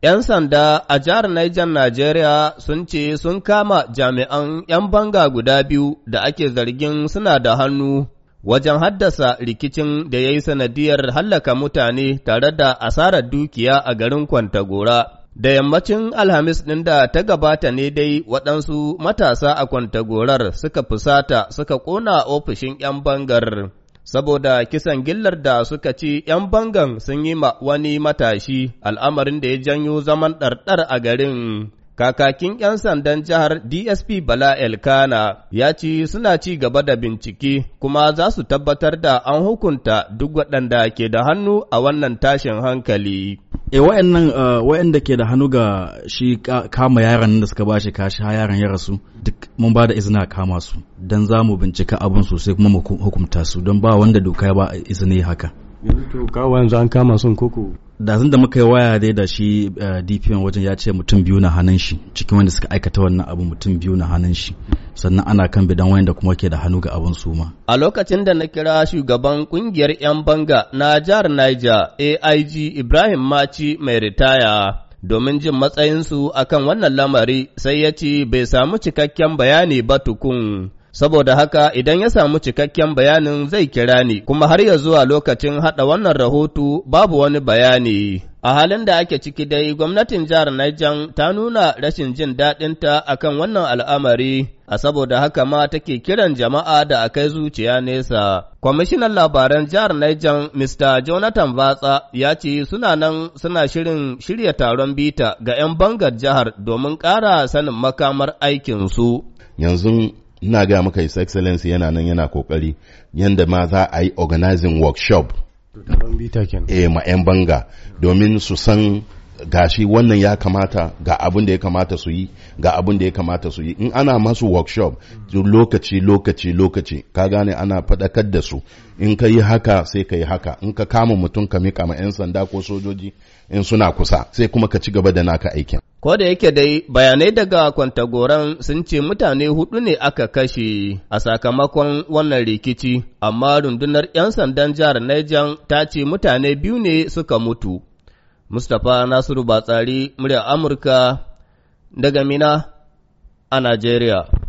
‘Yan sanda a jihar Niger Najeriya sun ce sun kama jami'an ‘yan banga guda biyu da ake zargin suna da hannu wajen haddasa rikicin da ya yi sanadiyar hallaka mutane tare da asarar dukiya a garin Kwantagora. Da yammacin Alhamis ɗin da ta gabata ne dai waɗansu matasa a Kwantagorar suka fusata suka ƙona ofishin ‘yan bangar. saboda kisan gillar da suka ci ‘yan bangan sun yi ma wani matashi al'amarin da ya janyo zaman ɗarɗar a garin. Kakakin ‘yan sandan jihar DSP Bala Elkana ya ci suna ci gaba da bincike kuma za su tabbatar da an hukunta duk waɗanda ke da hannu a wannan tashin hankali. e eh, wa'annan uh, wa'anda ke da hannu ga shi kama yaran da suka bashi kashi ha yaran ya rasu duk mun ba da izina kama su dan za mu bincika abin sosai kuma mu hukunta su don ba wanda doka ya ba izini haka yanzu to kawo yanzu an kama sun koko da da muka yi waya dai da shi uh, dpn wajen ya ce mutum biyu na hannun shi cikin wanda suka aikata wannan abu mutum biyu na hannun shi sannan ana kan bidan wayanda kuma ke da hannu ga abin suma. A lokacin da na kira shugaban kungiyar 'yan banga na jihar Niger AIG Ibrahim Maci mai ritaya domin jin matsayinsu a kan wannan lamari sai ya ce bai samu cikakken bayani ba tukun. Saboda haka idan ya samu cikakken bayanin zai kira ni kuma har ya zuwa lokacin haɗa wannan rahoto babu wani bayani. A halin da ake ciki dai, gwamnatin jihar Niger ta nuna rashin jin daɗinta a kan wannan al'amari, a saboda haka ma take kiran jama'a da a kai zuciya nesa. Kwamishinan labaran jihar Niger, Mr. Jonathan Vatsa, ya ce suna nan suna shirin shirya taron bita ga ‘yan bangar jihar domin ƙara sanin makamar aikinsu. Yanzu ina gaya maka His Excellency yana nan yana kokari, yanda ma za a yi organizing workshop. eh ma 'yan banga domin su san gashi wannan ya kamata ga abin da ya kamata su yi ga abin da ya kamata su yi in ana masu workshop lokaci lokaci lokaci ka gane ana faɗakar da su in ka yi haka sai ka yi haka in ka kama mutum ka mika ma 'yan sanda ko sojoji in suna kusa sai kuma ka ci gaba da naka aikin Ko da yake dai bayanai daga kwantagoran sun ce mutane hudu ne aka kashe a sakamakon wannan rikici, amma rundunar 'yan sandan jihar Niger ta ce mutane biyu ne suka mutu. Mustapha Nasiru Batsari, murya Amurka, daga Mina a Najeriya.